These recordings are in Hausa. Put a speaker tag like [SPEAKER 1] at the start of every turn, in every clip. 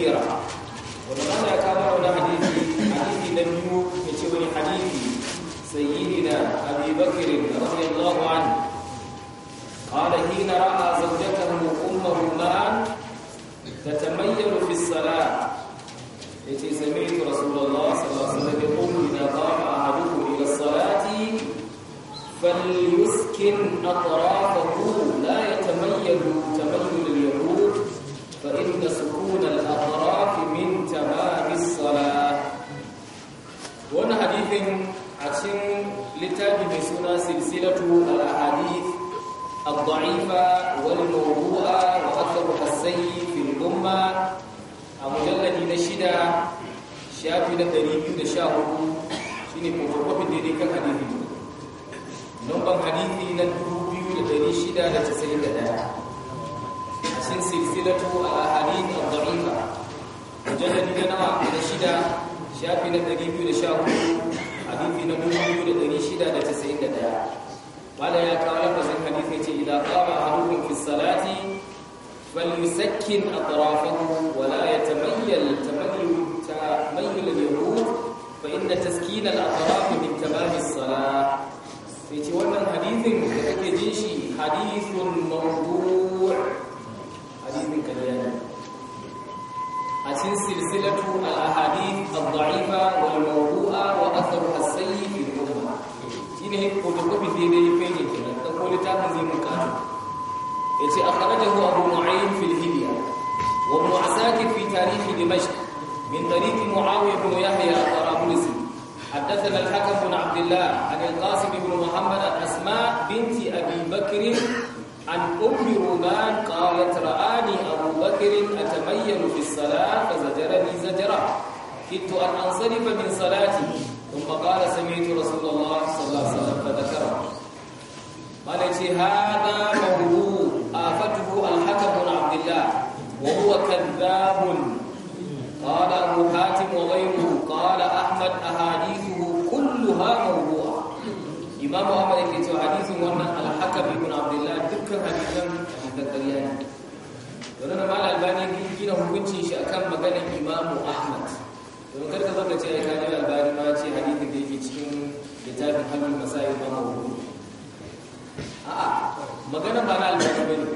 [SPEAKER 1] كثيرها ومن يا هنا حديث حديث دنيو يتبني حديث سيدنا أبي بكر رضي الله عنه قال حين رأى زوجته أمه الآن تتميل في الصلاة التي سمعت رسول الله صلى الله عليه وسلم يقول إذا قام أحدكم إلى الصلاة فليسكن أطرافه لنا سلسلة الأحاديث الضعيفة والموضوعة وأثرها السيء في الأمة مجلد نشدة شافي لدريب نشاه شيني فوتوكوبي ديري كان حديثي نمبر حديثي ندوبي لدري شدة لتسعين دانا عشان سلسلة الأحاديث الضعيفة مجلد نشدة شافي لدريب نشاه hadisi na dubu biyu da ɗari shida da casa'in da ɗaya malam ya kawo lafazin hadisi ya ce idan kama ahadukum fi salati falyusakkin atrafahu wa la yatamayyal tamayyul tamayyul al-yahud fa inna taskin a atraf min ba as-salah sai ce wannan hadisin da kake jin shi hadithun mawdu' hadisin kariya أتين سلسلة الأحاديث الضعيفة والموضوعة وأثرها السيء في الأمة شنو هيك فوتوكوبي في دي بيجي تقول تاكن زي مكاتب يتي أخرجه أبو معين في الهدية وابن عساك في تاريخ دمشق من طريق معاوية بن يحيى الطرابلسي حدثنا الحكم بن عبد الله عن القاسم بن محمد أسماء بنت أبي بكر عن أم رومان قالت رآني أبو بكر أتمين في الصلاة فزجرني زجرا كدت أن أنصرف من صلاتي ثم قال سمعت رسول الله صلى الله عليه وسلم فذكره قال هذا مهروب آفته الحكم بن عبد الله وهو كذاب قال أبو حاتم وغيره الإمام أحمد كتو حديث ورنا الحكم بن عبد الله ذكر حديثا مذكريان ورنا مال الباني كينا هوكنشي شأكام مغانا الإمام أحمد ومكرت ضبنا تي أيكاني الباني ماشي حديث دي كتشين كتاب حمل المسائل آه، ما هو مغانا مال الباني بني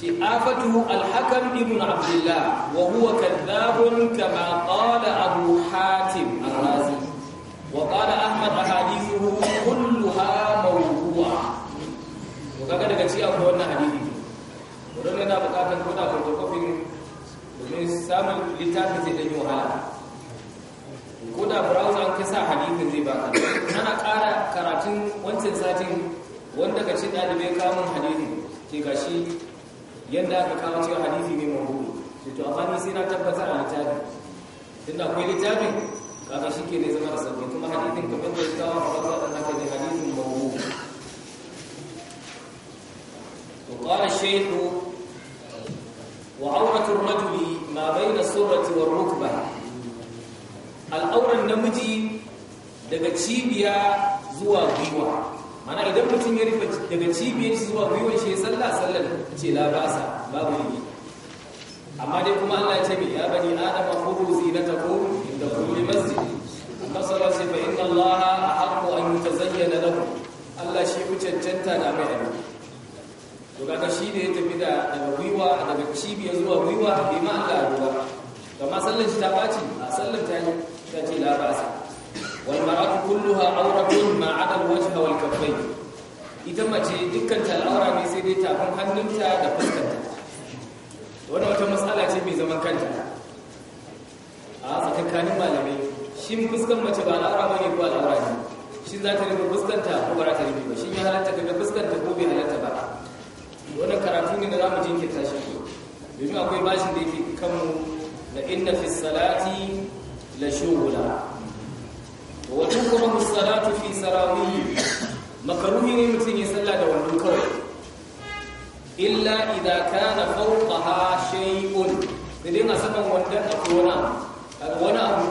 [SPEAKER 1] تي آفته الحكم ابن عبد الله وهو كذاب كما قال أبو حاتم الرازي وقال أحمد أحاديثه كل
[SPEAKER 2] kaga daga ci akwai wannan hadisi
[SPEAKER 1] don yana bukatar kuna photocopy domin samun littafin zai dan yi wahala ko da browser an kasa hadisin zai baka ana ƙara karatun wancan satin wanda ka ci ɗalibai kamun hadisi ke gashi yadda aka kawo cewa hadisi ne mahuru sai to amma sai na tabbata a littafin tunda akwai littafin kaga shi ke ne zama da sabbin kuma hadisin kamar da ya kawo a farko da naka ne hadisin وقال الشيخ وعورة الرجل ما بين السرة والركبة al'auran namiji daga cibiya zuwa gwiwa mana idan mutum ya rufe daga cibiyar zuwa gwiwa shi ya sallah sallar ce la basa babu yi amma dai kuma Allah ya ce mai ya bani adama khudhu zinatakum inda kulli masjid amma sallallahu alaihi fa inna Allah ahqqu an yutazayyana lakum Allah shi ku cancanta na mai to shi ne ya tafi da daga gwiwa daga cibiya zuwa gwiwa bai ma a ruwa kama sallar shi ta ɓaci, a sallar ta yi ta ce la ba sa kullu ha aura kun ma adal wajha wal kafai. ita mace dukkan ta al'aura ne sai dai tafin hannunta da fuskanta.
[SPEAKER 2] Wani wata matsala ce mai zaman kanta
[SPEAKER 1] a tsakanin malamai shin fuskan mace ba al'aura ba ne ko al'aura ne shin za ta rufe fuskanta ko ba za ta rufe ba shin ya halatta ga fuskanta ko bai halatta ba wannan karatu ne da zamu jinkirta shi domin akwai bashin da yake kanmu da inna fi salati la shughla wa tukuru salatu fi sarawi makaruhi ne mutum ya salla da wannan kawai illa idza kana fawqaha shay'un idan a wannan da kona wani abu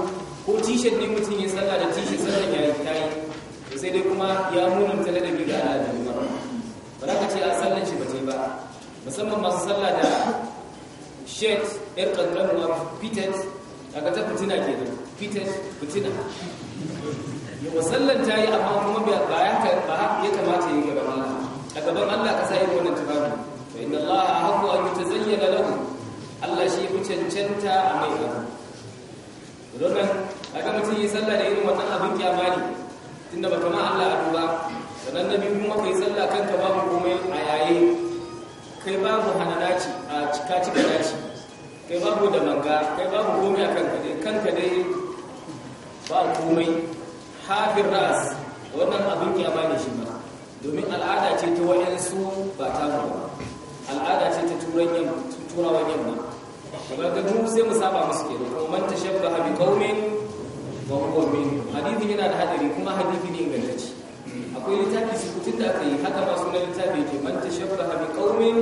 [SPEAKER 1] ko t-shirt ne mutum ya salla da t-shirt sallan ya yi sai dai kuma ya munanta ladabi ga al'adu ba za ka ce a sallan shi ba jama'a musamman masu sallah da shet yar kankanuwa fitet daga ta fitina ke nan fitet fitina yawa sallan ta yi amma kuma ba ya ya kamata yi gaban Allah a gaban Allah ka sa yi wannan tufafi fa inna Allah haqqu an yutazayyana lahu Allah shi fi cancanta a mai gaba don a kaga mutum yi sallah da irin wannan abin kyamani tunda ba kama Allah a duba sannan nabi kuma kai sallah kanka babu ka cika dace kai babu da manga kai babu komai a kanka dai kanka dai ba komai hafin ras wannan abin ba ne shi ba domin al'ada ce ta wayansu ba ta ba al'ada ce ta turan yamma turawan yamma daga ga duk sai mu saba musu da kuma man tashabbaha bi qaumin wa huwa min hadisi yana da hadari kuma hadisi ne ingantacce akwai littafi sukutun da aka yi haka masu sunan littafi ke man tashabbaha bi qaumin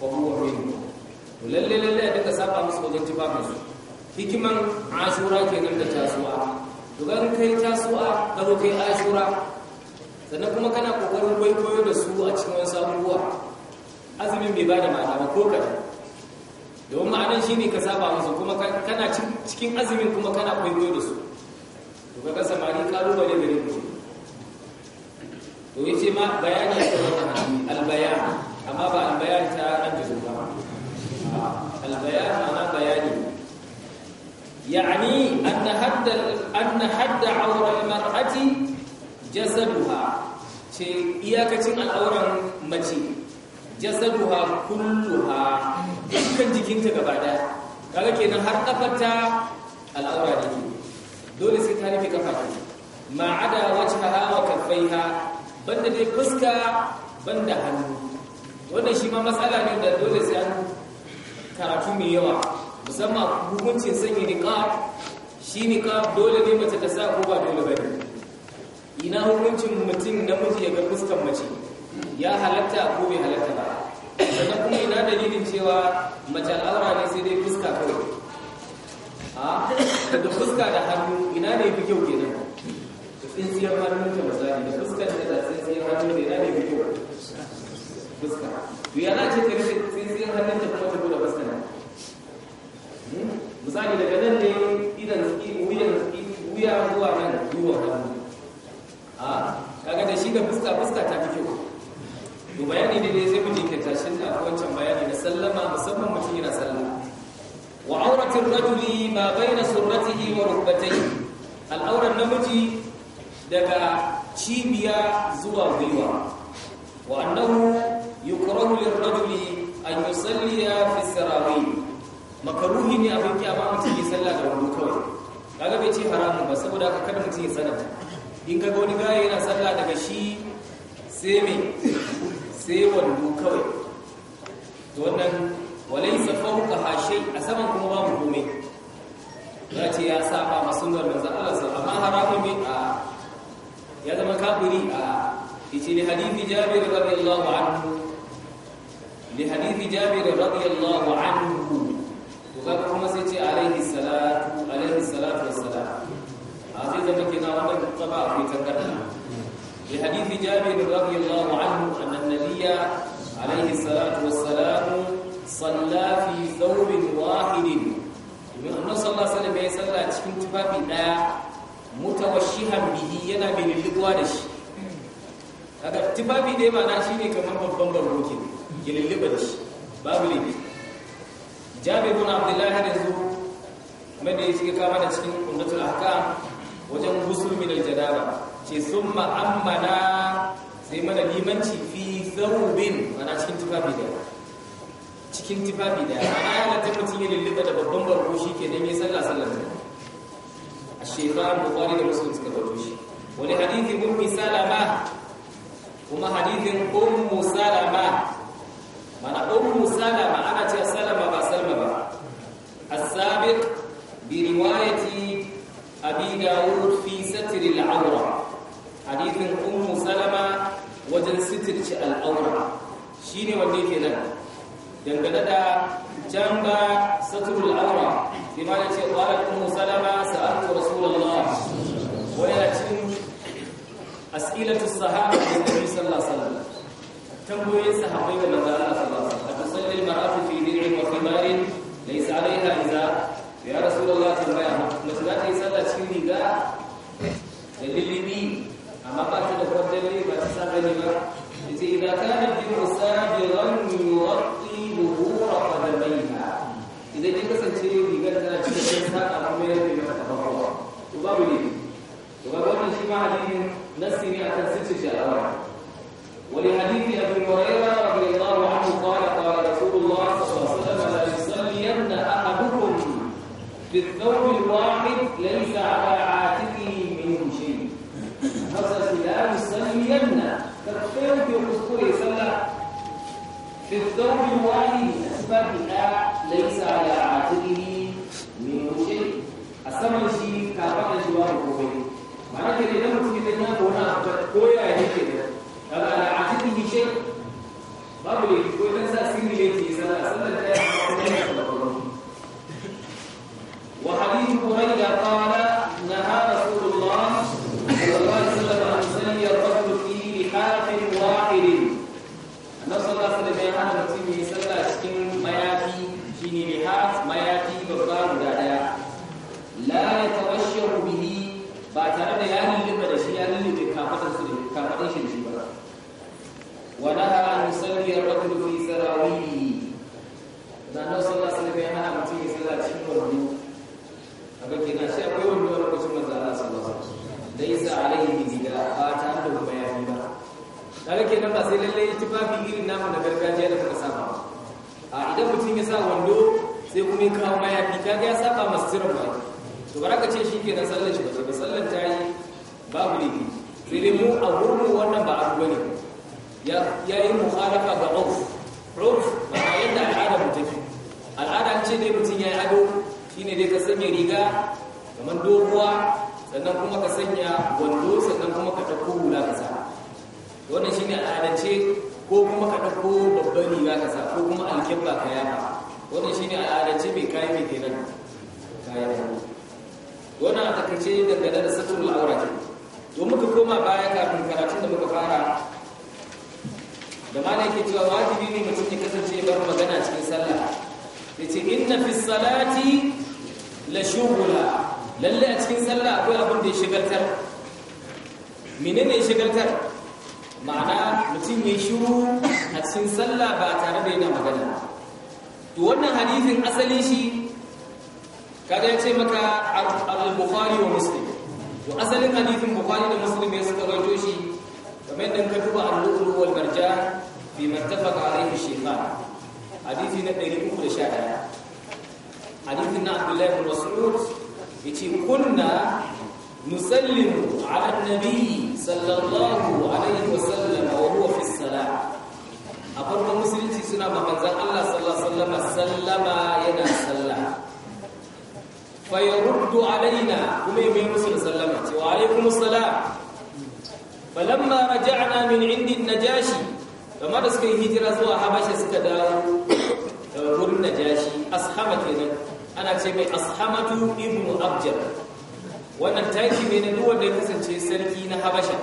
[SPEAKER 1] wa huwa min lalle lalle a duka saba musu wajen musu hikiman asura ke nan da tasuwa to garin kai tasuwa karo kai asura. sannan kuma kana kokarin kwaikwayo da su a cikin wasu abubuwa azumin bai bada ma'ana ba ko kaɗan domin ma'anan shi ne ka saba musu kuma kana cikin azumin kuma kana kwaikwayo da su to ga samari ne da ku to yace ma bayani ta wannan albaya amma ba albayan ta an da البيان أنا بياني يعني أن حد hadda حد عورة المرأة جسدها ce iyakacin al'auran mace, جسدها كلها dukkan jikinta gaba daya kaga kenan har kafarta al'aura ne dole sai ta rufe kafa ne wajhaha wa kaffaiha banda dai fuska banda hannu wannan shi ma matsala ne da dole sai an karatu mai yawa musamman hukuncin sanya niqab shi ka dole ne mace ta sa ko ba dole ba ne ina hukuncin mutum namiji ya ga fuskar mace ya halatta ko bai halatta ba sannan kuma ina dalilin cewa mace al'aura ne sai dai fuska kawai a da fuska da hannu ina ne fi kyau kenan da tsinsiyar hannun ta misali da fuskar da da tsintsiyar hannun da ina ne fi kyau fuska to yana ce ta rike tsintsiyar hannun ta kuma ta misali daga nan ne idan wuyan wuya zuwa nan zuwa nan a kaga da shi ga fuska fuska ta fi kyau to bayani ne dai sai mu jinkirta shi a wancan bayani na sallama musamman mutum yana sallama wa auratin rajuli ma baina surratihi wa rukbatayhi al'auran namiji daga cibiya zuwa gwiwa wa annahu yukrahu lirrajuli an yusalliya fi sarawin makaruhi ne abin kyama mutum ya sallah da wando kawai kaga bai ce haramun ba saboda aka kada mutum ya sallah in kaga wani gaya yana sallah daga shi sai me sai wando kawai to wannan walaysa fawqa hashay a saman kuma babu komai ya ce ya saba ma sunnar manzon Allah amma haramun ne a ya zama kafiri a yace ne hadithi Jabir radiyallahu anhu li hadithi Jabir radiyallahu anhu جابر رضي الله عنه أن النبي عليه الصلاة والسلام صلى في ثوب واحد النبي صلى الله عليه وسلم يصلى cikin tufafi daya mutawashihan bihi yana bin lilligwa da shi kaga tufafi dai ma na shine kamar babban barro ke gililliba da shi babu ne Jabir bin Abdullah da zu kuma da kama da cikin kunnatul ahkam wajen gusul min al ce sun ma'ammala sai mana limanci fi zarubin mana cikin tufafi da cikin tufafi da ana yana ta mutum ya lullube da babban barko shi ke don yi sallah sallah ne a shekarar bukwari da musulun suka bauto shi wani hadithi ummi salama kuma hadithin ummu salama mana ummu musalama? ana ce salama ba salama ba as-sabiq bi riwayati abi dawud fi satr al-awra hadithin ummu salama wajen sitirci al'aura shine wanda yake nan dangane da jamba satrul aura bi ma ce qala ummu salama sa'altu rasulullah Wani ya cin as'ilatu sahaba da nabi sallallahu alaihi wasallam tambayoyin sahabbai da manzo Allah sallallahu alaihi wasallam tusalli al-mar'atu fi dir'in wa khimarin laysa 'alayha izar ya rasulullah tambaya mutum da ta yi sallah cikin riga da lilibi amma ba ta da kwajalli ba ta ba yace idan kana bi musabiran yuwaqi buhura idan kin kasance rigar tana cikin saka babu ne ma nasiri akan sirrin sha'awa wani hadisi abu sai wanda ya kuskure sallah fi wani da laysa a saman shi kafin shi ba ko bai ma'ana da mutum idan ya gona ba ko ya yake da shi babu ne ko dan sa sirri ne ke sallah sallah ta wa hadithu qala ba sai lallai tufafi irin namu na gargajiya da kuma saba a idan mutum ya sa wando sai kuma ya kawo ta ga ya saba masu tsirin ba to ka ce shi ke na sallar shi ba sallar ta yi babu ne,sai sai dai mu a wurin wannan ba abu bane ya ya yi ga urf urf ba yadda al'ada mu take al'ada ce dai mutum ya yi ado shine dai ka sanya riga doguwa sannan kuma ka sanya wando sannan kuma ka ɗauko hula ka sa wannan shi ne al'adance ko kuma ka ɗauko babban riga ka sa ko kuma ba ka yaba wannan shi ne al'adance mai kayan mai kenan kayan wannan a takaice dangane da satrul la'aura ce to muka koma baya kafin karatun da muka fara da ma ne ke cewa wajibi ne mutum ya kasance bar magana cikin sallah in inna fi salati la shughla Lallai a cikin sallah akwai abin da ya shigartar menene ya shigartar ma'ana mutum ya shiru a cikin sallah ba tare da yana magana to wannan hadithin asali shi kada ya ce maka al-bukhari wa muslim to asalin hadithin bukhari da muslim ya suka rawaito shi kamar da ka duba al-lu'lu wal marja fi mattafaq alayhi shaykhan Hadithi na 311 hadithin na abdullahi ibn mas'ud yace kunna نسلم على النبي صلى الله عليه وسلم وهو في الصلاة أفرق مسلمتي سنة مقنزة الله صلى الله عليه وسلم سلم ينا سلم فيرد علينا كما يمين مسلم سلمت وعليكم السلام فلما رجعنا من عند النجاشي فما رسكي هجرة زوا حبشة سكداو رب النجاشي أصحابة أنا أتسمي أصحابة ابن أبجر wannan taki mai na duwar da ya kasance sarki na habasha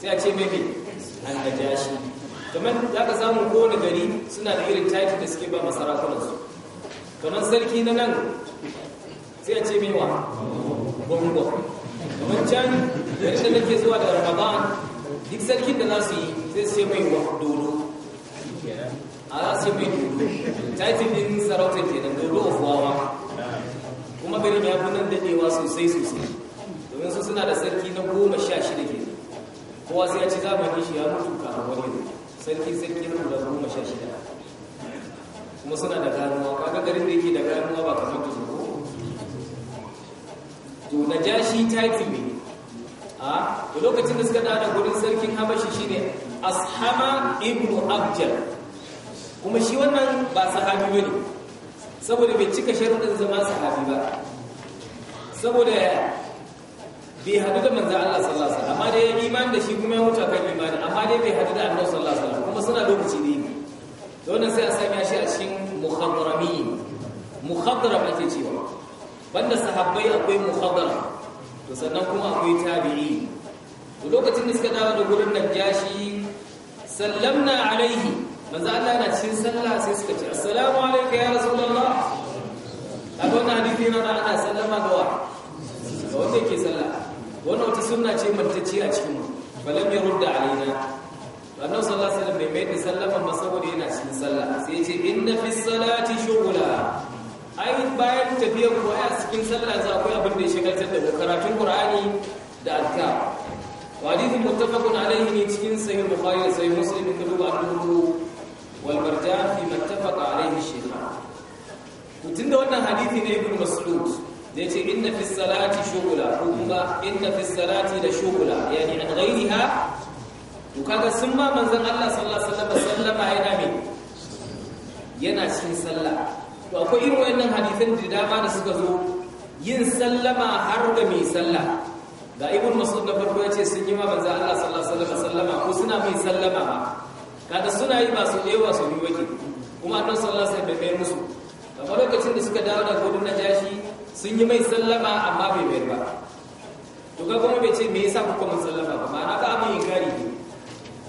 [SPEAKER 1] sai a ce gaja shi. kamar za ka samu kowane gari suna da irin taki da suke ba masarakunansu kamar sarki na nan sai a ce mewa wa bongo kamar can gari da nake zuwa da ramadan duk sarkin da za su yi sai sai mai wa dolo a za su yi mai dolo titin din sarauta ke nan dolo of wawa magarib ya fi nan dadewa sosai sosai domin su suna da sarki na goma sha shida ke kowa sai ya ci ne shi ya mutu kama wani sarki sarki na guda goma sha shida kuma suna da ganuwa ga garin da yake da ganuwa ba kamar da zuwa to na ja shi taifi ne a lokacin da suka da da gurin sarkin habashi ne ashama ibnu abjal kuma shi wannan ba sahabi ne saboda bai cika sharuɗin zama sahabi ba saboda bai hadu da manzan Allah sallallahu alaihi wasallam amma dai imani da shi kuma ya mutu kan imani amma dai bai hadu da Annabi sallallahu alaihi kuma suna lokaci ne
[SPEAKER 2] da wannan sai a sanya shi a cikin
[SPEAKER 1] mukhadrami mukhadram ake cewa banda sahabbai akwai mukhadram to sannan kuma akwai tabi'i to lokacin da suka dawo da gurin najashi sallamna alaihi manzo Allah na cikin sallah sai suka ce assalamu alayka ya rasulullah kaga wannan hadisi na da ana sallama ga wa ga wanda yake sallah wani wata suna ce martacci a cikin mu balam ya rudda alaina annabi sallallahu alaihi bai mai da sallama ba saboda yana cikin sallah sai ya ce inna fi salati shughla ai bayan tafiya ku a cikin sallah za akwai abin da ya shagaltar da karatun qur'ani da azkar hadithin muttafaqun alaihi ne cikin sahih bukhari sai sahih muslim da dubu al-dubu wal marjan fi muttafaqa alaihi shi tun da wannan hadithi na ibn mas'ud da ce inna fi salati shugula ko kuma inna fi salati da shugula yani an ghayriha to kaga sun ma manzon Allah sallallahu alaihi wasallam yana me yana cikin sallah to akwai irin wannan hadithan da dama da suka zo yin sallama har ga mai sallah ga ibn mas'ud na farko ce sun yi ma manzon Allah sallallahu alaihi wasallam ko suna mai sallama ba kada suna yi ba su ɗewa su yi wake kuma annabi sallallahu alaihi wasallam bai musu kamar lokacin da suka dawo daga gudun najashi sun yi mai sallama amma bai mayar ba to ga kuma bai ce me yasa kuka mun sallama ba ma'ana ba mun inkari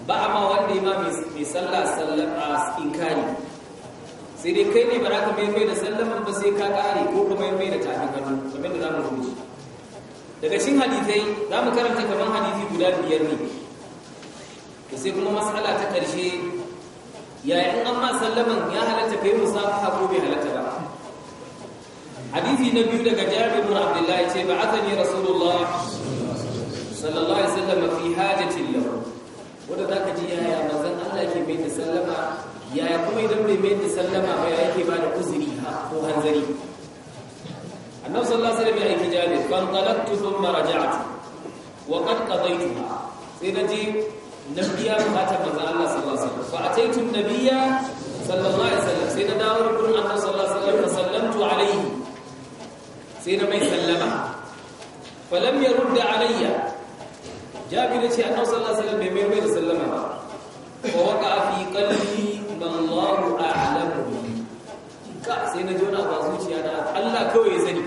[SPEAKER 1] ba amma wanda ya ma mai sallah sallama inkari sai dai kai ne ba za ka mayar mai da sallama ba sai ka kare ko kuma mai da tafi kanu kamar da zamu mu rubuta daga cikin hadisai zamu karanta kamar hadisi guda biyar ne sai kuma matsala ta ƙarshe
[SPEAKER 2] yayin an ma sallaman ya halatta kai musafaha ko bai
[SPEAKER 1] halatta ba hadisi na biyu daga jabir bin abdullah yace ba'athani rasulullah sallallahu alaihi wasallam fi hajatin lahu wanda zaka ji yaya manzon Allah yake mai da sallama yaya kuma idan bai mai da sallama ba ya yake ba da uzuri ha ko hanzari annabi sallallahu alaihi wasallam ya aiki jabir fa qalaqtu thumma raja'tu wa qad qadaytuha sai naji Nabiya biya bukatar manzo Allah sallallahu alaihi wasallam fa ataitu nabiyya sallallahu alaihi wasallam sai na dawo gurin Allah sallallahu alaihi wasallam sallamtu alaihi sai na mai sallama fa lam yurda alayya jabi jabir ce Allah sallallahu alaihi wasallam bai mai da sallama ba fa waqa fi qalbi man Allahu a'lamu ka sai na jona ba zuciya da Allah kawai ya sani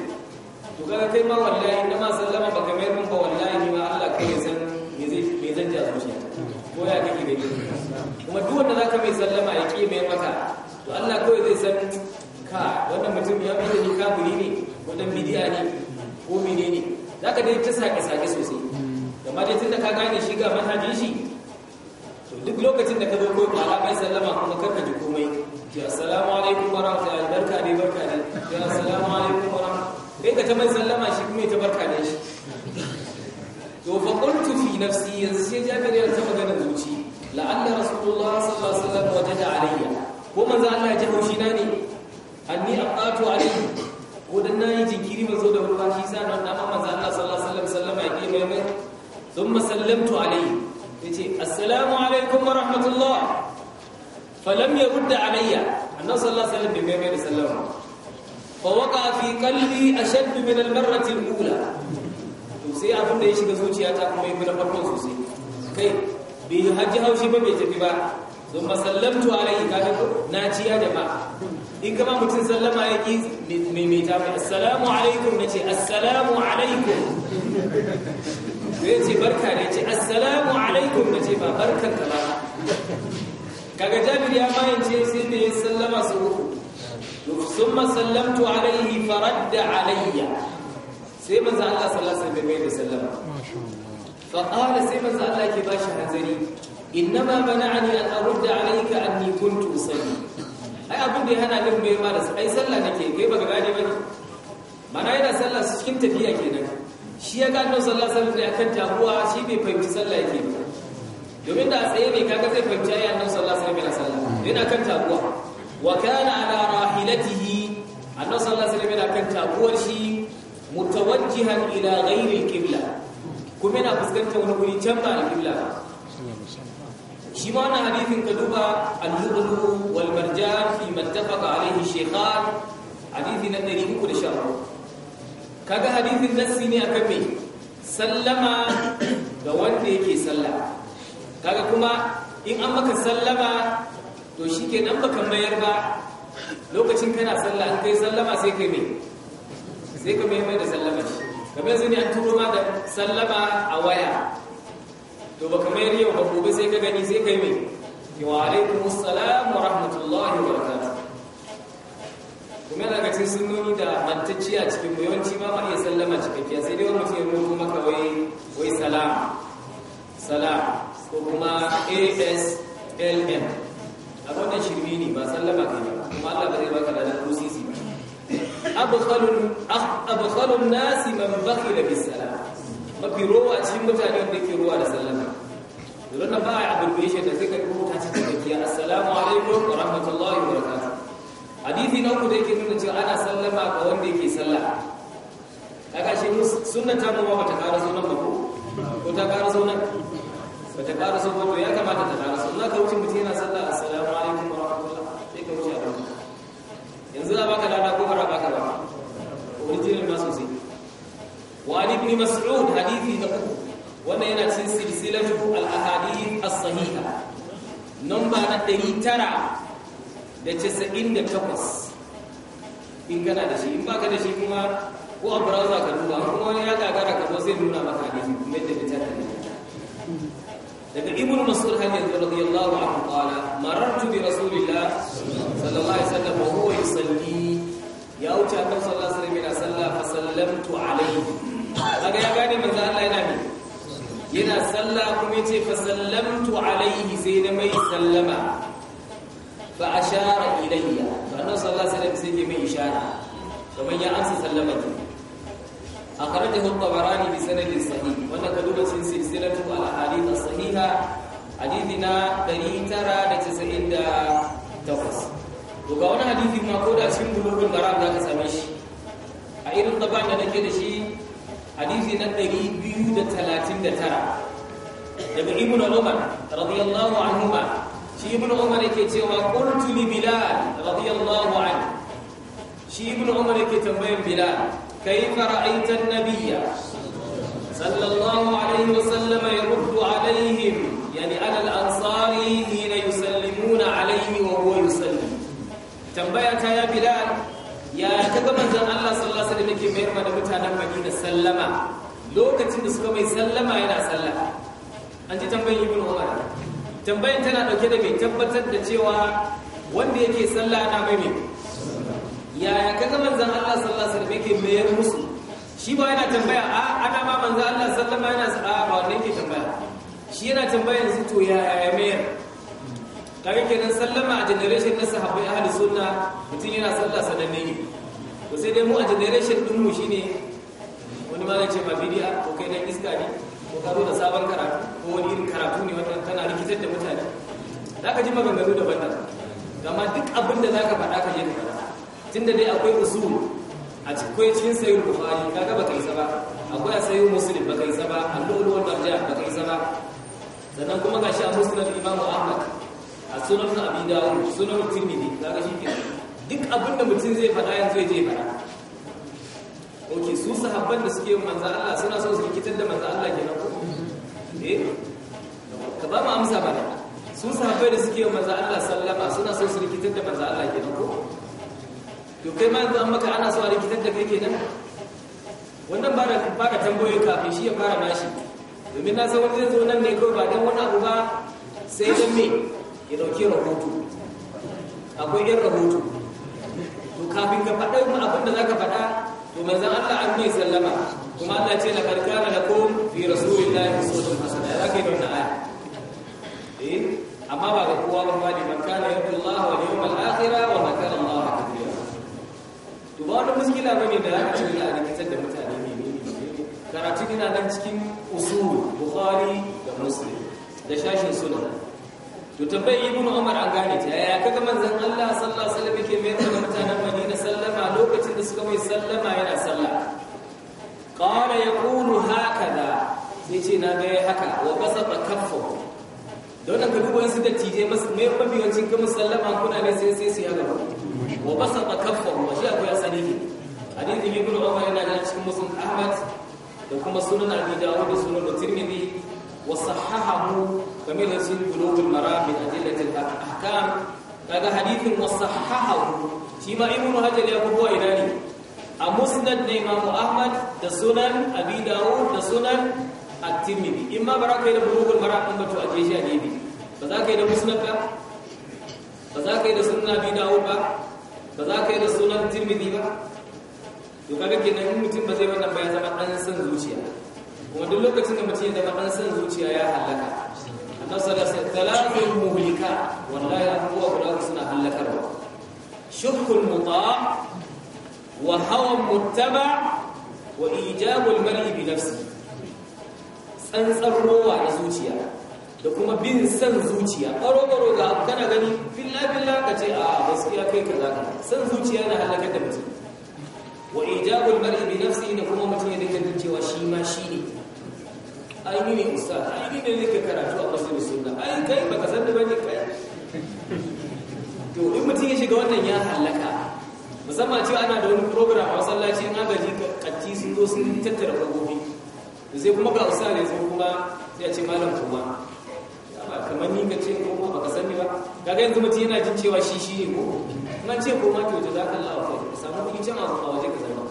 [SPEAKER 1] to kaga kai ma wallahi na ma sallama baka mai mun ba wallahi ma Allah kawai ya ko ya da gani kuma duk wanda zaka mai sallama ya ki mai maka to Allah kawai zai san ka wannan mutum ya fita ne kafiri ne wannan bidiya ne ko menene zaka dai ta sake sake sosai amma dai tunda ka gane shi ga manhajin shi to duk lokacin da ka zo ko kwala mai sallama kuma karka ji komai ki assalamu alaikum wa rahmatullahi barka ne barka ne ki assalamu alaikum wa rahmatullahi kai ka ta mai sallama shi kuma ta barka ne shi to fa qultu fi nafsi yanzu sai jabir ya ta magana zuci la'alla rasulullah sallallahu alaihi wasallam wajada alayya ko manzo Allah ya ji haushi na ne anni aqatu alaihi ko dan nayi jinkiri manzo da ruwa shi sa nan amma manzo Allah sallallahu alaihi wasallam ya ji mai mai thumma sallamtu alayhi yace assalamu alaikum wa rahmatullah falam yurd alayya annabi sallallahu alaihi wasallam bai mai mai sallama fa waqa fi qalbi ashadd min al-marrati al-ula sai abin da ya shiga ta kuma yi fi farkon sosai kai bai hajji haushi ba bai tafi ba don masallamtu alaihi kaga ko na da ba in kama mutum sallama ya ki mai mai ta mai assalamu alaikum na ce assalamu alaikum ya ce barka ne ce assalamu alaikum na ce ba barkan ka ba kaga jabir ya ce sai da ya sallama su uku sun masallamtu alaihi faradda alayya sai manzo Allah sallallahu alaihi wasallam
[SPEAKER 2] sallama
[SPEAKER 1] fa qala sai manzo Allah ke ba bashi hanzari innama mana'ani an arudda alayka anni kuntu usalli ai abin da ya hana ni mai ma da ai sallah nake kai baka gane ba ne mana yana sallah cikin tafiya kenan shi ya gano sallah sallah da akan tabuwa shi bai fahimci sallah yake domin da a tsaye mai kaga zai fahimci ayi annabi sallallahu alaihi wasallam yana kan tabuwa wa kana ala rahilatihi annabi sallallahu alaihi wasallam yana kan tabuwar shi mutawajjihan ila ghairi al-qibla kuma yana fuskantar wani guri can ba al-qibla shi ma wannan hadisin ka duba al-lu'lu wal marjan fi mattafaqa alayhi shaykhan hadisi na 314 kaga hadisin nassi ne akan me sallama ga wanda yake sallah kaga kuma in an maka sallama to shikenan baka mayar ba lokacin kana sallah in kai sallama sai kai me sai ka mai da sallama shi kamar yanzu ne an turo ma da sallama a waya to ba kamar yau ba gobe sai ka gani sai kai mai wa alaikum assalam wa rahmatullahi wa barakatuh kuma yana ga cikin sunoni da mantacci a cikin mu yawanci ma ma iya sallama cikakkiya sai dai wani mutum ya rubuta maka wai wai salam salam ko kuma aslm a wannan shirme ne ba sallama kai ba kuma Allah ba zai baka da kusisi abkhalul abkhalun nas man bakhila bis mafi rowa cikin mutane da ke rowa da sallama don nan ba a abin da yake da ka rubuta assalamu alaikum wa rahmatullahi wa barakatuh hadisi na uku da yake nuna cewa ana sallama ga wanda yake sallah kaga shi sunnata mu ba ta sunan ba
[SPEAKER 2] ko ta sunan
[SPEAKER 1] ba ta sunan to ya kamata ta sunan ka wuce mutum yana sallah assalamu alaikum wa rahmatullahi sai ka wuce yanzu za baka wani ibn mas'ud hadithi da uku wannan yana cikin silsilatu al-ahadith as-sahiha namba na 998 in kana da shi in ba ka da shi kuma ko a browser ka duba kuma wani ya gagara ka zo zai nuna maka hadisi kuma yadda ta tare daga ibn mas'ud hadith radiyallahu anhu qala marartu bi rasulillah sallallahu alaihi wasallam wa huwa yusalli ya wuce kan sallallahu alaihi wasallam fa sallamtu alaihi kaga ya gane manzo Allah yana ne yana salla kuma yace fa sallamtu alaihi sai na mai sallama fa ashara ilayya fa annabi sallallahu alaihi wasallam sai mai ishara kamar ya amsa sallama ki akhrajahu at-tabarani bi sanadin sahih wannan kaduba sun silsilatu al-ahadith as-sahiha hadithi na 998 to ga wani hadithi ma ko da cikin bulugul garam za ka same shi a irin taban da nake da shi hadisi na 239 daga ibnu umar radiyallahu anhu ba shi ibnu umar yake cewa qultu li bilal radiyallahu anhu shi ibnu umar yake tambayan bilal kayfa ra'aita an-nabiyya sallallahu ma da mutanen madina sallama lokacin da suka mai sallama yana sallah an ji tambayin ibn umar tambayin tana dauke da mai tabbatar da cewa wanda yake sallah na mai mai yaya ka zama manzon Allah sallallahu alaihi wasallam yake mayar musu shi ba yana tambaya a ana ma manzon Allah sallama yana sa ba wannan yake tambaya shi yana tambaya yanzu to yaya mayar kaga kenan sallama a generation na sahabbai ahli sunna mutum yana sallah sananne ne to sai dai mu a generation din mu shine wani ma zai ce ba bidiya ko kai dan iska ne ko ka zo da sabon karatu ko wani irin karatu ne wanda tana rikitar da mutane za ka ji maganganu da banda gama duk abin da za ka faɗa ka je ka faɗa tunda dai akwai usul a cikin cikin sayin ka ga baka isa ba akwai a sayin musulun baka isa ba al-lulu darja baka isa ba sannan kuma shi a musnad imamu ahmad a sunan abi dawud sunan tirmidhi kaga shi kenan duk abin da mutum zai faɗa yanzu ya je faɗa ok su sahabban da suke manzan Allah suna son su rikitar da manzan Allah ke ku? eh ka ba mu amsa ba su sahabbai da suke manzan Allah sallama suna son su rikitar da manzan Allah ke ko to kai ma yanzu an maka ana so a rikitar da kai nan? wannan ba da fara tambayoyi kafin shi ya fara nashi domin na san wani zai zo nan ne kawai ba dan wani abu ba sai dan me ya dauki rahoto akwai yan rahoto kafin ka faɗa mu abin da zaka faɗa to manzon Allah an mai sallama kuma Allah ce la karkana lakum fi rasulillahi sallallahu alaihi wasallam ya kai wannan aya eh amma ba ga kowa ba ma liman kana yaqullaha wal yawmal akhir wa ma kana Allah kadira to ba wani muskila ne da zaka ce a rikitar da mutane ne ne karatu ina nan cikin usul bukhari da muslim da shashin sunan to tambayi ibnu umar an gane ta yaya kaga manzon Allah sallallahu alaihi wasallam yake mai da mutanen lokacin da suka mai sallama yana sallah qala yaqulu hakaza sai ce na ga haka wa basata kaffahu don ka duba wasu da tije mai mafiyancin kuma sallama kuna ne sai sai su ya gaba wa basa ta kafa wa shi akwai asali ne hadithin ibn umar yana da cikin muslim ahmad da kuma sunan abi dawud da sunan tirmidhi wa sahahahu kamar da sun bulugul maram min adillati da ahkam kaga hadithin wa sahahahu shi ma ibn hajar ya fi kowa ina ne a musnad na imamu ahmad da sunan abi dawud da sunan atimidi in ma bara kai da bulugul mara kan batu aje shi a gefe ba za ka yi da musnad ba ba za ka yi da sunan abi dawud ba ba za ka yi da sunan atimidi ba to kaga kenan in mutum ba zai wannan ba ya zama dan san zuciya kuma duk lokacin da mutum ya zama dan san zuciya ya halaka annabi sallallahu alaihi wasallam muhlika wallahi abubuwa guda suna halakarwa شرك مطاع وهوى متبع وإيجاب المرء بنفسه tsantsar rowa na zuciya da kuma bin san zuciya ƙaro-ƙaro ga abu kana gani filla-filla ka ce a gaskiya kai ka zaka san zuciya na halakar da mutum wa ijabul mar'i bi nafsi da kuma mutum ya dinga cewa shi ma shi ne ai ni karatu a kai san da wannan ya hallaka musamman cewa ana da wani program a masallaci an gaji katti sun zo sun tattara da sai kuma ga usa ne zai kuma ya ce malam kuma kamar ni ka ce ko ba ka sani ba kaga yanzu mutum yana jin cewa shi shi ne ko kuma ce ma ke wajen zaka Allah ko ka samu kuɗi can abu a waje ka zama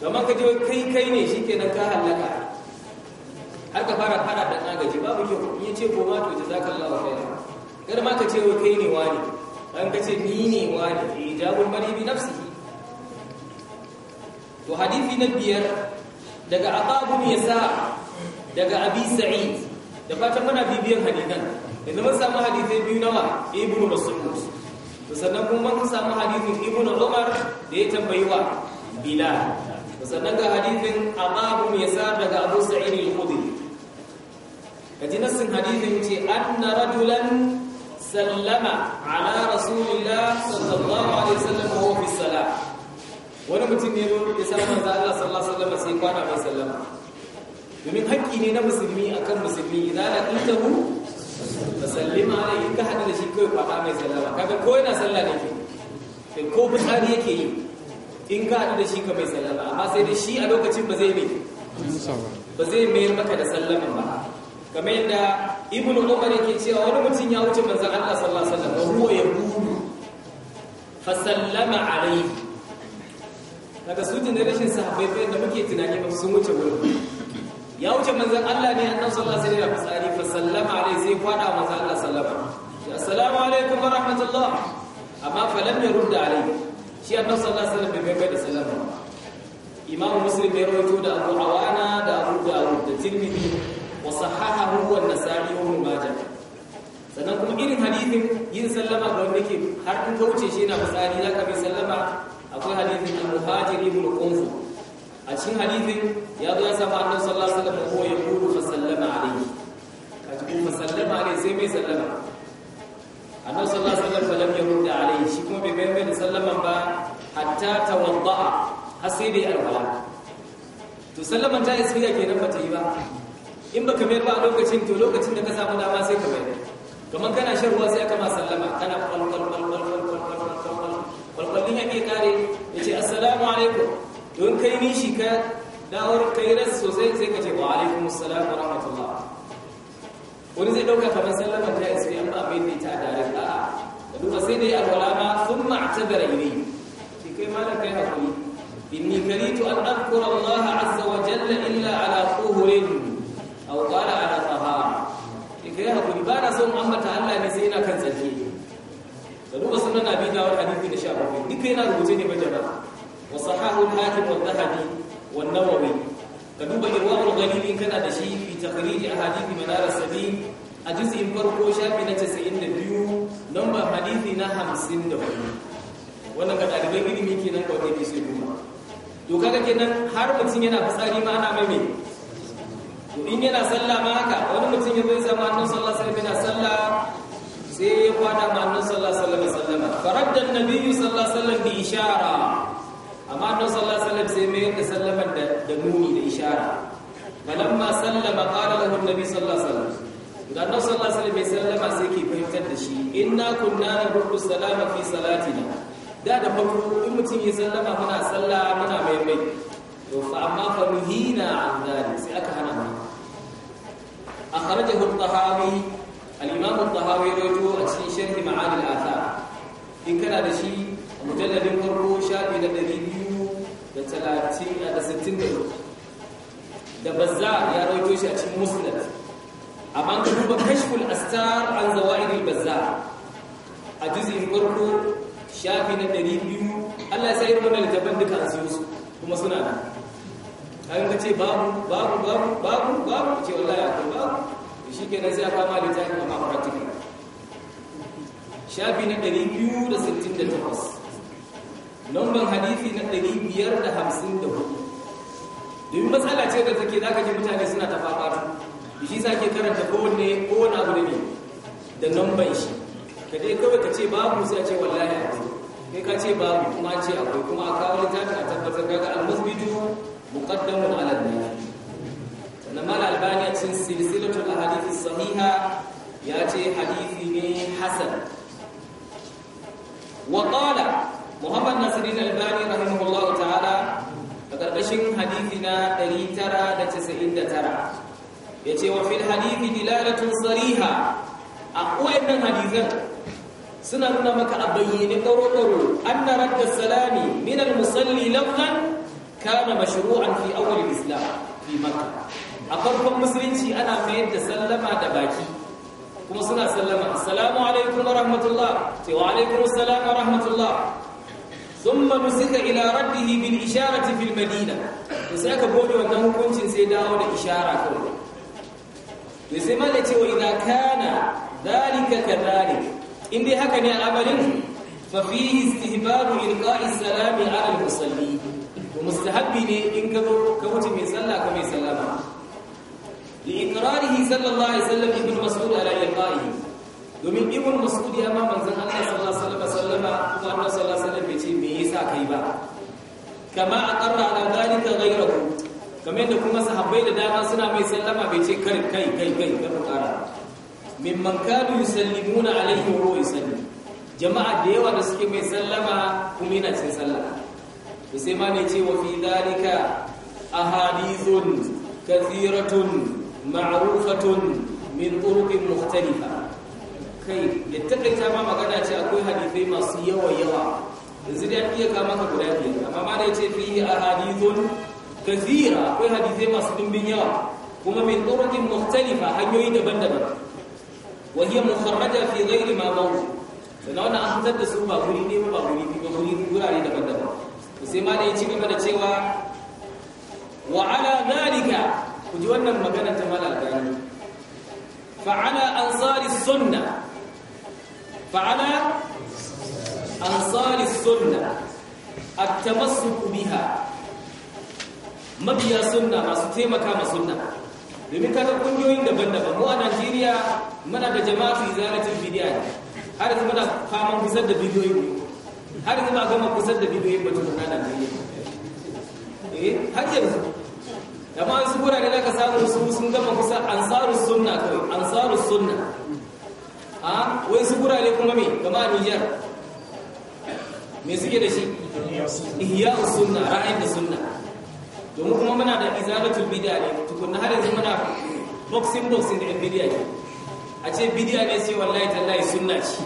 [SPEAKER 1] domin ka je kai kai ne shikenan ka halaka har ka fara fara da gaji babu kyau in ya ce ko ma to wajen zaka Allah ko kada ma ka ce kai ne wani dan kace ni ne wani ijabul eh, mari bi nafsihi to hadisi na biyar daga aqabun yasa daga abi sa'id da fatan muna bibiyan hadisan idan mun samu hadisi biyu nawa ibnu mas'ud to sannan kuma mun samu hadisi ibnu umar da ya tambayi wa bilal to sannan ga hadisin aqabun yasa daga abu sa'id al-khudri kaji nassin hadisin ce anna rajulan sallama ala rasulillah sallallahu alaihi wasallam wa fi salam wani mutum ne zo ya sa manzo Allah sallallahu alaihi sai kwana bai sallama domin haƙƙi ne na musulmi akan musulmi idan la tintahu sallima alaihi ka haɗu da shi kai fada mai sallama kaga ko yana sallah ne ke ko fitsari yake yi in ka haɗu da shi ka mai sallama amma sai dai shi a lokacin ba zai mai ba zai mayar maka da sallama ba kamar yadda ibnu umar yake cewa wani mutum ya wuce manzon Allah sallallahu alaihi wasallam ruwa ya buru fa sallama alaihi daga su generation sahabbai bayan da muke tunani ba sun wuce wurin ya wuce manzon Allah ne annabi sallallahu alaihi wasallam fasari fa sallama alaihi sai kwada manzon Allah sallama assalamu alaikum wa rahmatullah amma fa lam yurd alaihi shi annabi sallallahu alaihi wasallam bai bai da sallama imam muslim ya rawaito da abu awana da abu da abu da tirmidhi sahahahu wa nasari ko majah sannan kuma irin hadithin yin sallama ga wanda ke har in kauce shi na fitsari za ka bi sallama akwai hadithin al-muhajir ibn qunfu a cikin hadithin ya zo ya samu annabi sallallahu alaihi wasallam ko ya kudu fa sallama alaihi ka ji ko sallama alaihi sai mai sallama annabi sallallahu alaihi wasallam ya yurda alaihi shi kuma bai mai da sallaman ba hatta tawadda har sai dai alwala to sallaman ta isfiya kenan ba ta yi ba in baka mayar ba a lokacin to lokacin da ka samu dama sai ka mayar kamar kana shan ruwa sai aka ma sallama kana kwalkwal kwalkwal kwalkwal kwalkwal din yake kare ya ce assalamu alaikum don kai nishi ka dawar kai ras sosai sai ka ce wa alaikum assalam wa rahmatullah wani zai dauka kamar sallama ta isri an ba mai da ita ta dare a'a da duba sai dai alwala ma sun ma'tabara ilayhi shi kai malam kai hakuri inni karitu an adkura Allah azza wa jalla illa ala quhurin wala ala sahara ki kai hakuri ba na son ambata Allah ne sai ina kan tsarki da duba sunan Abi wani hadisi da 17 duka yana rubuce ne jama'a. wa sahahu al-hakim wa dhahabi wa an-nawawi ka duba irwaul ghalib in kana da shi fi takhrij ahadith manar as-sabil a juz'in farko shafi na 92 namba hadisi na 54 wannan ga dalibai ilimi kenan kawai ne sai duba to kaga kenan har mutum yana fitsari ma ana mai in yana sallah ma haka wani mutum ya zai zama annabi sallah alaihi yana sallah sai ya kwada ma sallah, sallallahu alaihi sallah. faradda da nabiyu sallah wasallam bi ishara amma annabi sallah, alaihi sai mai yadda sallama da nuni da ishara ma sallama ma lahu annabi sallallahu sallah, wasallam da annabi sallah, alaihi wasallam sallama sai ke fahimtar da shi inna kunna nabdu salama fi salatina da da farko in mutum ya sallama muna sallah muna mai mai to fa amma fa nuhina an zalik sai aka hana أخرجه الطهاوي الإمام الطهاوي رويته أتسين شرح معاني الآثار إن كان هذا شيء مجلد فرقو شاب إلى الذين لثلاثين إلى ستين دولار ده بزار يا رويته شيء أتسين مسند أما أنه كشف الأستار عن زوائد البزار أجزء فرقو شاب إلى الذين الله سيرمنا لتبندك أنسيوس وما سنانا kayan ka ce babu babu babu babu babu ce wallahi akwai babu to shi ke sai a da littafin amma practical shafi na 268 nomban hadisi na 554 domin matsala ce da take ka ji mutane suna ta fafatu shi za ke karanta kowanne kowane abu da ne da nomban shi ka dai kawai ka ce babu sai a ce wallahi akwai kai ka ce babu kuma ce akwai kuma a kawo littafin a tabbatar kaga almasbidu muqaddamun ala nafi sannan mal albani a cikin silsilatul ahadith sahiha ya ce hadisi ne hasan wa qala muhammad nasirin albani rahimahullahu ta'ala a karkashin hadisi na 999 yace wa fil hadisi dilalatun sariha a wayannan hadisan suna nuna maka a bayyane karo-karo an na radda salami minal musalli lafzan kana mashru'an fi awwal al-islam fi makkah a farkon musulunci ana mayar da sallama da baki kuma suna sallama assalamu alaikum wa rahmatullah ce wa alaikum assalam wa rahmatullah thumma nusika ila raddihi bil isharati fil madina to sai aka bude wannan hukuncin sai dawo da ishara kawai to sai ma da cewa idan kana dhalika kadhalik indai haka ne al'amarin fa fihi istihbabu ilqa'i salami ala al-musallin mustahabbi ne in ka zo ka wuce mai sallah ka mai sallama li iqrarihi sallallahu alaihi wasallam ibn mas'ud ala liqa'i domin ibn mas'ud ya ma manzon Allah sallallahu alaihi wasallama kuma Allah sallallahu alaihi wasallam ce me yasa kai ba kama aqarra ala dhalika ghayruhu kamar yadda kuma sahabbai da dama suna mai sallama bai ce kar kai kai kai ka fara mimman kadu yusallimuna alaihi wa huwa yusallim jama'a da yawa da suke mai sallama kuma yana cin sallama to sai ma ne ce wa fi dalika ahadithun kathiratun ma'rufatun min turuqin mukhtalifa kai ya takaita ma magana ce akwai hadisai masu yawa yawa yanzu da iya ka maka guda biyar amma ma ne ce fihi ahadithun kathira akwai hadisai masu dimbin yawa kuma min turuqin mukhtalifa hanyoyi daban-daban wa hiya mukharraja fi ghairi ma mawdu sannan wannan an fitar da su ba guri ne ba guri ba guri gurare daban-daban sai ma da ya ci gaba da cewa wa ala zalika ku ji wannan magana ta malalgani fa ala ansari sunna fa ala ansari sunna at-tamassuk biha mabiya sunna masu taimaka ma sunna domin kaga kungiyoyin daban-daban mu a Najeriya muna da jama'a jama'atu izalatul bid'a har yanzu muna faman gusar da bidiyoyi har yanzu ba a gama kusan da bidiyoyin ba tukuna na Najeriya eh har yanzu ma wasu gurare da ka samu su sun gama kusa ansarus sunna kawai ansarus sunna a ah, wai su gurare kuma me gama a Nijar me suke da shi ihya sunna ra'ayin da sunna domin kuma muna da izalatul bid'a ne na har yanzu muna boxing boxing da bid'a ne a ce bid'a ne sai wallahi tallahi sunna ce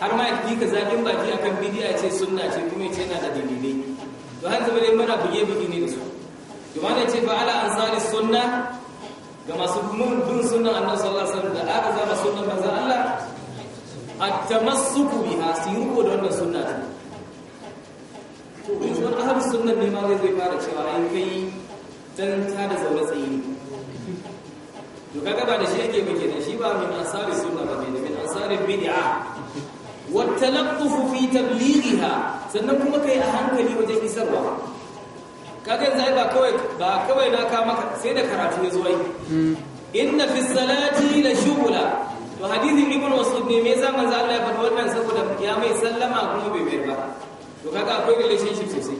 [SPEAKER 1] har ma yi ka zaɓin baki a kan bidiya ce sunna ce kuma ce yana da dalilai to har zama ne muna buge buge ne da su jama'a ce fa ala ansari sunna ga masu mun bin sunnan annabi sallallahu alaihi wasallam da aka zama sunnan manzo Allah at-tamassuku biha ko da wannan sunna ce to wannan ahli sunnan ne ma zai fara cewa ai kai dan ta da zaure tsayi ne to kaga ba da shi yake muke da shi ba min ansari sunna ba ne min ansari bid'a talaffufu fi tablighiha sannan kuma kai a hankali wajen isarwa kaga yanzu ba kawai ba kawai na ka maka sai da karatu ya zo yi. inna fi salati la shughla to hadisin ibn mas'ud ne me yasa Allah ya faɗi wannan saboda ya mai sallama kuma bai bayar ba to kaga akwai relationship sosai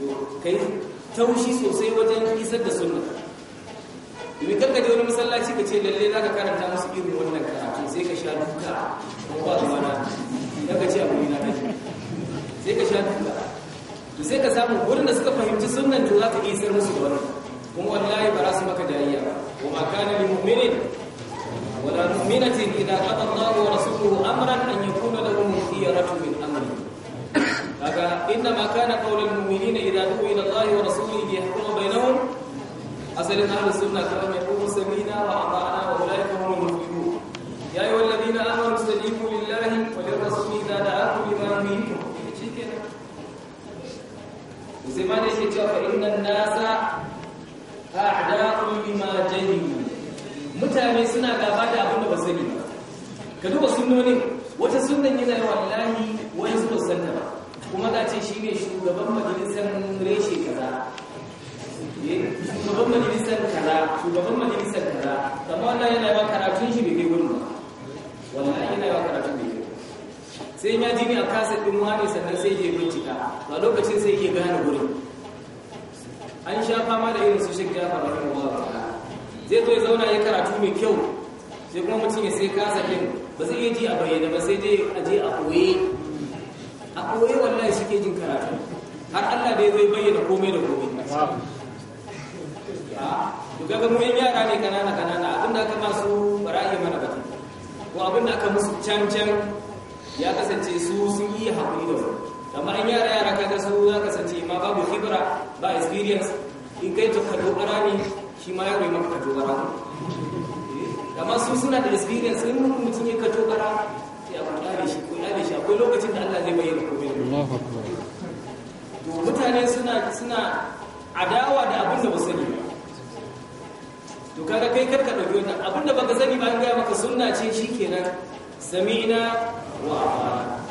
[SPEAKER 1] to kai taushi sosai wajen isar da sunna domin kanka je wani masallaci ka ce lalle zaka karanta musu irin wannan karatu sai ka sha duka ko a ruwa na idan ka ce a wuri na kaji sai ka sha duka to sai ka samu wurin da suka fahimci sunan to za ka isar musu da wannan kuma wallahi ba za su maka jariya wa ma kana lil mu'minin wala mu'minatin idza qada Allahu wa rasuluhu amran an yakuna lahum khiyaratu min amri kaga inna ma kana qawlul mu'minina idza du'u ila Allahi wa rasulihi yahkumu bainahum asalin ahlus sunna kama yaqulu samina wa mutane suna gaba da abin da ba sani ka duba sunoni wata sunnan yana wallahi wani zuwa sanna kuma za ce shi ne shugaban majalisar reshe kaza shugaban majalisar kaza shugaban majalisar kaza amma wallahi yana ba karatun shi bai kai gurin ba
[SPEAKER 2] wallahi yana ba
[SPEAKER 1] karatun bai sai ya ji ne a kasa ɗin wani sannan sai ya bincika ba lokacin sai ya gane gurin an sha fama da irin su shek jafar rahimahullah ta'ala zai zo ya zauna ya karatu mai kyau sai kuma mutum ya sai kasa jin ba zai yi ji a bayyana ba sai dai a je a koye a koye wallahi suke jin karatu har Allah dai zai bayyana komai da komai ah, to kaga mu yara ne kanana kanana abinda aka masu barayi mana ba ko abinda aka musu can can ya kasance su sun yi hakuri da wani amma in yara yara ka ga su za ka sace ma babu fibra ba experience in kai ta kado ne shi ma yaro ma kado bara eh, amma su suna da experience in mutum ya kado bara sai a kula da shi kula da shi akwai lokacin da Allah zai bayyana komai Allahu akbar to mutane suna suna adawa da abin da ba sani ba to kaga kai karka dauki wannan abin da baka sani ba an ga maka sunna ce shikenan sami'na wa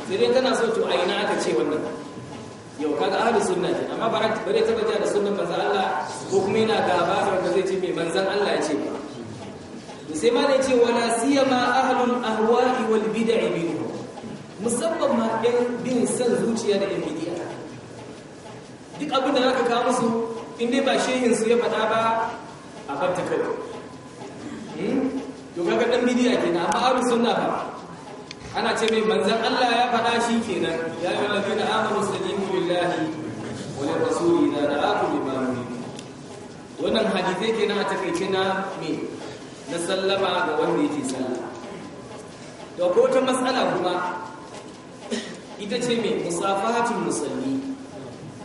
[SPEAKER 1] sai dai kana so to a ina aka ce wannan yau kaga ahlus sunna ce amma ba bare taba ji da sunnan manzon Allah ko kuma yana gaba da wanda zai ce mai manzon Allah ya ce ba sai ma ne ce wala siyama ahlul ahwa'i wal bid'i minhum musamman ma ɗan bin san zuciya da ɗan bidiya duk abin da aka kawo musu in dai ba shehin su ya faɗa ba a fatta kawai hmm? to kaga ɗan bidiya kenan amma ahlus sunna ba ana ce mai manzan Allah ya faɗa shi kenan ya yi lafi da amuru salimu lillahi wani rasuli da da'aku da mamuni wannan hadithai kenan a takaice na me na sallama ga wanda yake sallama da ko ta matsala kuma ita ce mai musafahatin musalli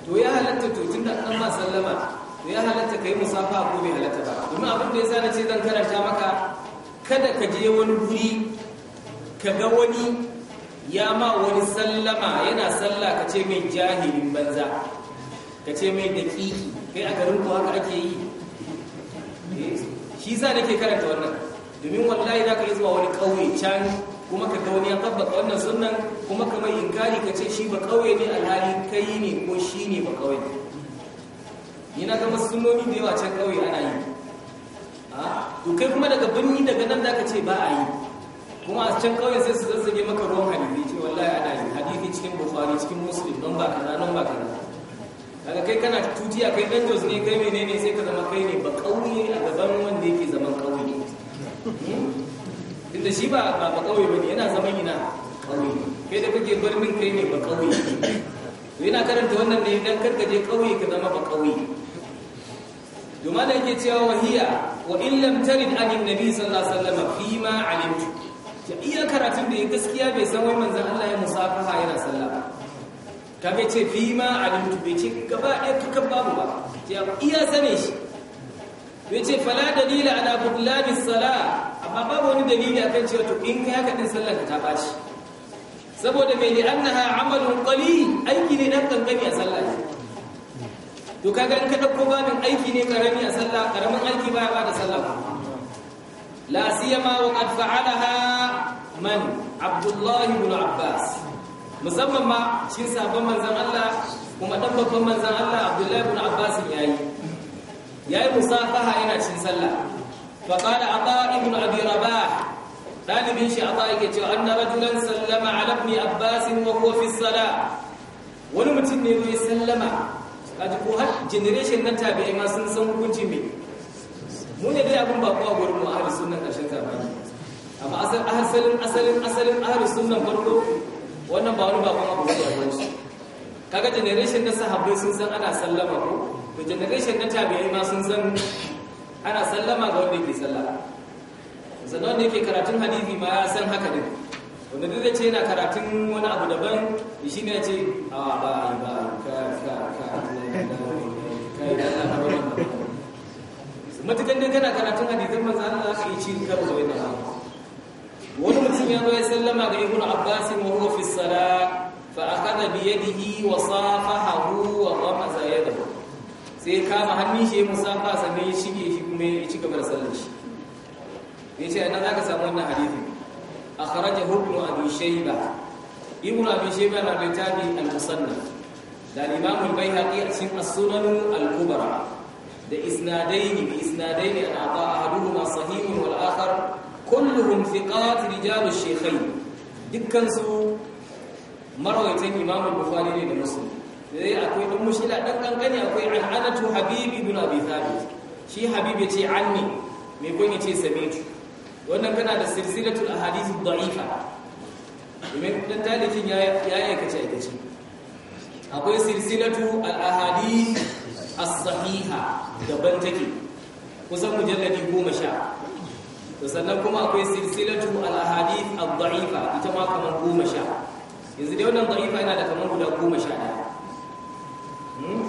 [SPEAKER 1] to ya halatta to tun da an ma sallama to ya halatta ka yi musafa ko bai halatta ba domin abin da ya sa na ce zan karanta maka kada ka je wani guri kaga wani ya ma wani sallama yana sallah ka ce mai jahilin banza ka ce mai daƙiƙi kai a garin ku haka ake yi eh, shi za ke karanta wannan domin wallahi za ka yi zuwa wani ƙauye can kuma ka ga wani ya tabbata wannan sunan kuma ka mai inkari ka ce shi ba ƙauye ne alhali kai ne ko shi ne ba ƙauye ni na sun nomi da yawa can ƙauye ana yi ah, to kai kuma daga birni daga nan za ka ce ba a yi kuma a can kawai sai su zazzage maka ruwan hadithi ce wallahi ana yi hadithi cikin bukhari cikin muslim don ba kaza don ba kaza daga kai kana tutiya kai dan jos ne kai menene sai ka zama kai ne ba kauye a gaban wanda yake zaman kauye inda hmm? shi ba ba kauye bane yana zaman ina kauye kai da kake birnin kai ne ba kauye to yana karanta wannan ne dan karka je kauye ka zama ba kauye domin da yake cewa wahiya wa in lam tarid an nabi sallallahu alaihi wasallam fi ma alimtu iya karatun da ya gaskiya bai san wai manzan Allah ya musafaha yana sallah Ta bai ce fi ma alimtu bai ce gaba ɗaya kakan babu ba iya sane shi bai ce fala dalila ala Labis sala amma babu wani dalili akan cewa to in kai haka din sallar ka ta bashi saboda mai li annaha amalun ƙwali aiki ne dan kankani a sallah to kaga in ka dauko babin aiki ne karami a sallah karamin aiki baya ba da sallah لا سيما وقد فعلها من عبد الله بن عباس musamman ma shi sabon manzan Allah kuma dan babban manzan Allah Abdullahi ibn Abbas yayi yayi musafaha ina cin sallah fa qala Ata ibn Abi Rabah dalibin shi Ata yake cewa anna rajulan sallama ala ibn Abbas wa huwa fi salah wani mutum ne ya sallama kaji ko har generation na tabi'ai ma sun san hukunci mai. mu ne dai abin ba kowa gurin mu ahli sunna ƙarshen zamani amma asal asalin asalin asalin ahli sunna farko wannan ba wani bakon abu ne a shi kaga generation na sahabbai sun san ana sallama ko to generation na tabi'i ma sun san ana sallama ga wanda yake sallah sannan wanda yake karatun hadisi ma ya san haka din wanda duk da ce yana karatun wani abu daban shi ne ya ce a ba ba ka ka ka ka ka matukan dai kana karatun hadisan manzo Allah ka yi cin karo da wannan abu wani mutum ya zo ya sallama ga ibnu abbas wa huwa fi salat fa akhadha bi yadihi wa safahahu wa ghamaza yadahu sai kama hannun shi musafa sannan ya shige shi kuma ya ci gaba da sallar shi ne ce anan zaka samu wannan hadisi akhrajahu ibnu abi shayba ibnu abi shayba na littafi al-musannaf da imam al-baihaqi a cikin as-sunan al-kubra da isnadaini bi isnadaini an ata ahaduhuma sahihun wal akhar kulluhum thiqat rijal ash-shaykhayn dukkan su marawaitan imam al-bukhari ne da muslim dai eh, akwai dan mushila dan kankani akwai al'anatu habib ibn abi thabit shi habib yace anni me gon ce samitu wannan kana da silsilatul ahadith ad-da'ifa domin dan talikin ya ya aikace aikace akwai silsilatu al-ahadith as-sahiha daban take kusan mujalladi goma sha to sannan kuma akwai silsilatu al-ahadith ad-da'ifa ita ma kamar goma sha yanzu dai wannan da'ifa yana da kaman guda goma sha ɗaya hmm?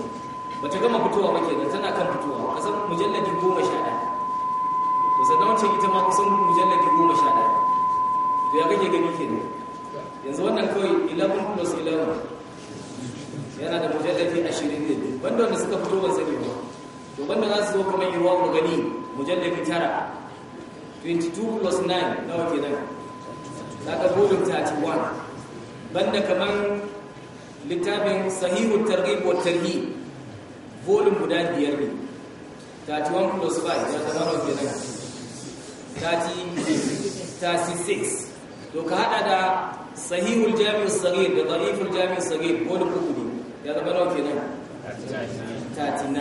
[SPEAKER 1] ba ta gama fitowa ba kenan tana kan fitowa kusan mujalladi goma sha ɗaya to sannan wancan ita ma kusan mujalladi goma sha to ya kake gani kenan yanzu wannan kawai 11 plus 11 yana da mujalladi ashirin ne banda wanda suka fito ban sani ba to banda za su zo kamar irwa mu gani mujalladi tara 22 plus 9 nawa kenan za ka volume 31 banda kamar littafin sahihu targhib wa tarhib volume guda biyar ne 31 plus 5 ya zama nawa nan 36 to ka hada da sahihul jami'u sagir da da'iful jami'u sagir volume 3 ne ya zama nawa nan. 39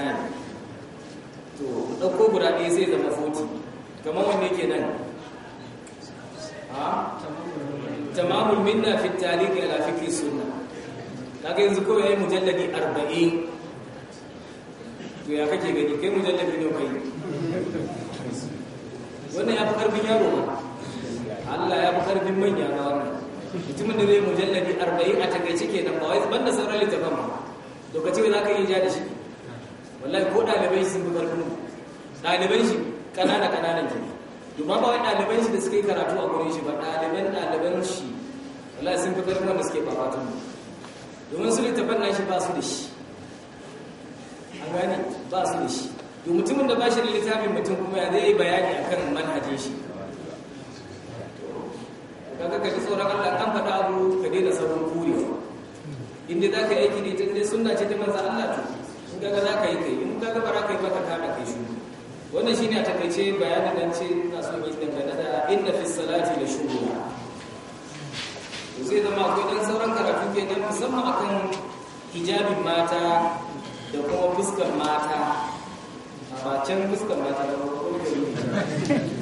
[SPEAKER 1] to ɗauko guda ɗaya zai zama 40 kamar wanne ke nan tamamul minna fi tarihi ala fikri sunna kaga yanzu kawai yayi mujalladi 40 to ya kake gani kai mujalladi ne kai
[SPEAKER 2] wannan ya fi karfin yaro Allah ya fi karfin
[SPEAKER 1] manya ba wannan mutumin da zai mujalladi 40 a takaice kenan ba wai banda sauran ta ba to ka wani aka yi ja da shi wallahi ko ɗalibai sun fi karfin dalibai shi kanana ƙananan ke Duk ba wai dalibai shi da suka yi karatu a gurin shi ba ɗaliban ɗaliban shi wallahi sun fi karfin da suke fafatun mu domin su littafan na shi ba su da shi A gani ba su da shi to mutumin da ba shi da littafin mutum kuma ya zai yi bayani akan manhajin shi
[SPEAKER 2] kaga ka ji tsoron Allah kan faɗa
[SPEAKER 1] abu ka daina sabon kurewa inda za ka aiki ne sunna ce ta manzan Allah to in kaga za ka yi kai in kaga ba za ka yi ba ka kama kai shi wannan shine a takaice bayanin nan ce ina so yi dangane da inna fi salati la shughula to zai zama akwai dan sauran karatu kenan musamman akan hijabin mata da kuma fuskar mata ba can fuskar mata ba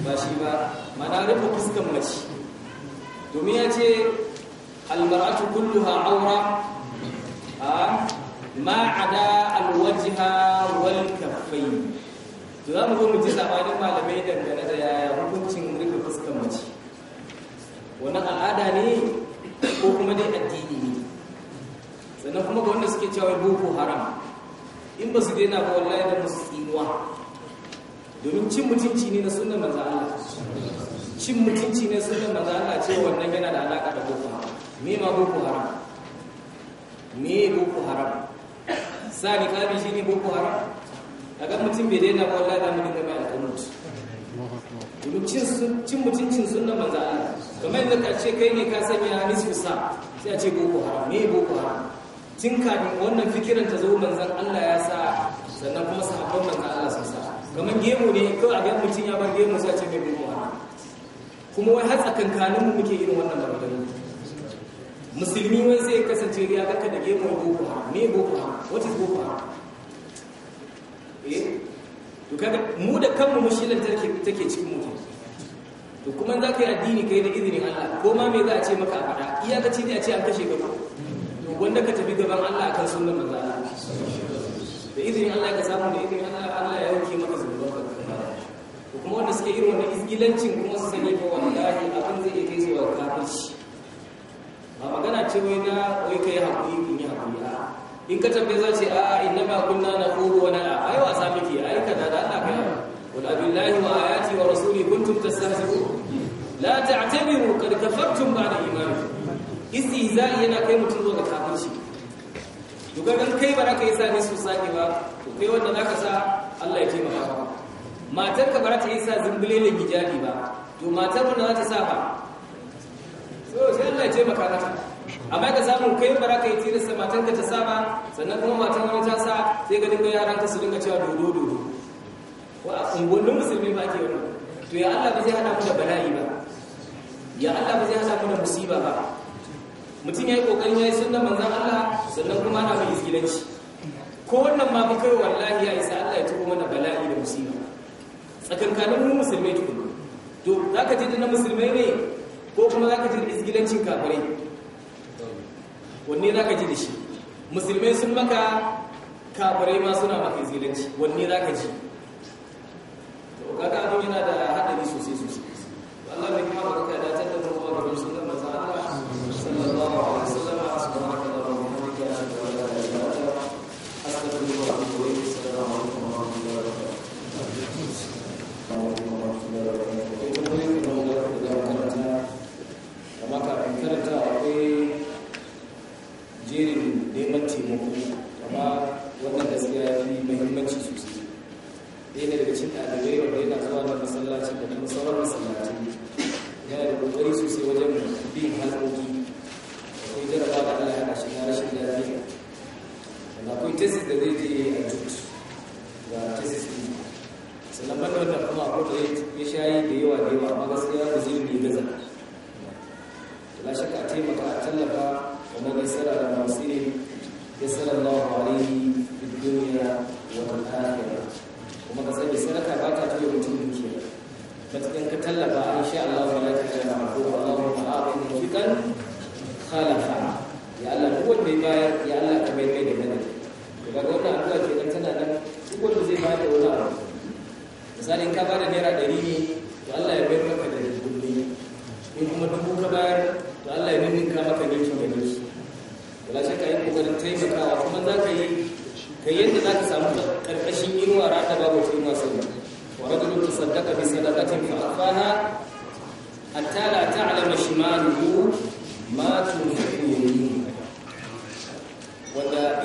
[SPEAKER 1] ba shi ba mana rufe fuskar mace domin ya ce almar'atu kulluha aura a ah, ma ada alwajha wal kaffayn to za mu zo mu ji sabanin malamai dangane da yaya hukuncin rufe fuskar mace wannan al'ada ne ko kuma dai addini ne sannan kuma ga wanda suke cewa boko haram in ba su daina ba wallahi da musu tsinuwa domin cin mutunci ne na sunan manzo Allah cin mutunci ne sunan manzo Allah ce wannan yana da alaka da boko haram me ma boko haram me boko haram sa shi ne boko haram daga mutum bai daina ba wallahi da mu dinga mai domin cin mutuncin sunan manzo Allah kamar yadda ka ce kai ne ka sanya nisfu sa sai a ce boko haram ne boko haram tun kafin wannan fikiran ta zo manzan Allah ya sa sannan kuma sahabban manzon Allah sun sa kamar gemu ne kawai a ga mutum ya bar gemu sai a ce mai boko haram kuma wai har tsakankanin mu muke yin wannan maganganu musulmi wani zai kasance ya ga da gemu boko haram me boko haram what is boko haram eh? to kaga mu da kanmu mushkilar take take cikin mutum to kuma za ka yi addini kai da izinin Allah ko ma me za a ce maka a ka ce ne a ce an kashe gaba to wanda ka tafi gaban Allah akan sunnar manzo Allah da izinin Allah ka samu da izinin Allah Allah ya yanke maka zunuban ka kuma wanda suke irin wannan izgilancin kuma su sani ba wallahi abin zai iya kai zuwa kafirci ba magana ce wai na wai kai haƙuri in yi haƙuri a in ka tafi zai ce a inna ma kunna na huru wani a ai wasa muke ai ka da Allah kai wal abillahi wa ayati wa rasuli kuntum tastahzi'un la ta'tabiru qad kafartum ba'da imanikum istihza'i yana kai mutum zuwa ga kafirci to ga dan kai ba ka yi sani su sake ba to kai wanda zaka sa Allah ya taimaka maka matar ka ba za ta yi sa ne hijabi ba to matar wanda za ta sa ba so sai Allah ya taimaka mata amma ka samu kai ba ka yi tilasta matan ka ta saba sannan kuma matan wani ta sa sai ga dinga yaran ka su dinga cewa dodo dodo ko a unguwannin musulmi ba ke wannan to ya Allah ba zai hada mu da bala'i ba ya Allah ba zai hada mu da musiba ba mutum ya yi kokarin ya yi sunnan manzon Allah sannan kuma ana mai izgilanci ko wannan ma kai wallahi ya isa Allah ya tuko mana bala'i da musiba tsakankanin mu musulmai tukun to zaka ji da na musulmai ne ko kuma za ka ji izgilancin kafirai wanne za ka ji da shi musulmai sun maka kafirai ma suna maka izgilanci wanne za ka ji kaga abin yana da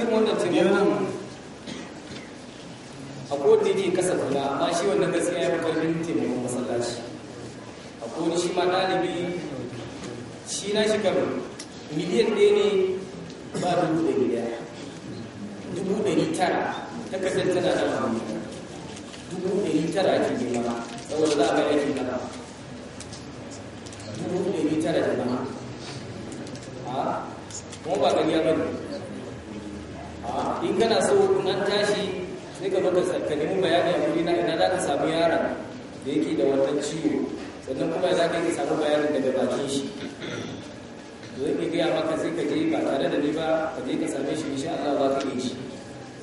[SPEAKER 1] irin wannan taimakon a kowanne yake kasa kula amma shi wannan gaskiya ya fi karfin taimakon masallaci a kowanne shi ma ɗalibi shi na shi kan miliyan ɗaya ne ba dubu ɗari ɗaya dubu ɗari tara takardar tana da hannu dubu ɗari tara ake nema saboda za a bai aikin nama dubu ɗari tara da nama a kuma ba gani ya bane in kana so nan tashi sai ka baka ka nemi bayani a na ina za ka samu yaron da yake da wannan ciwo sannan kuma za ka yi samu bayanin daga bakin shi zai ke gaya maka sai ka je ba tare da ni ba ka je ka same shi insha Allah za ka yi shi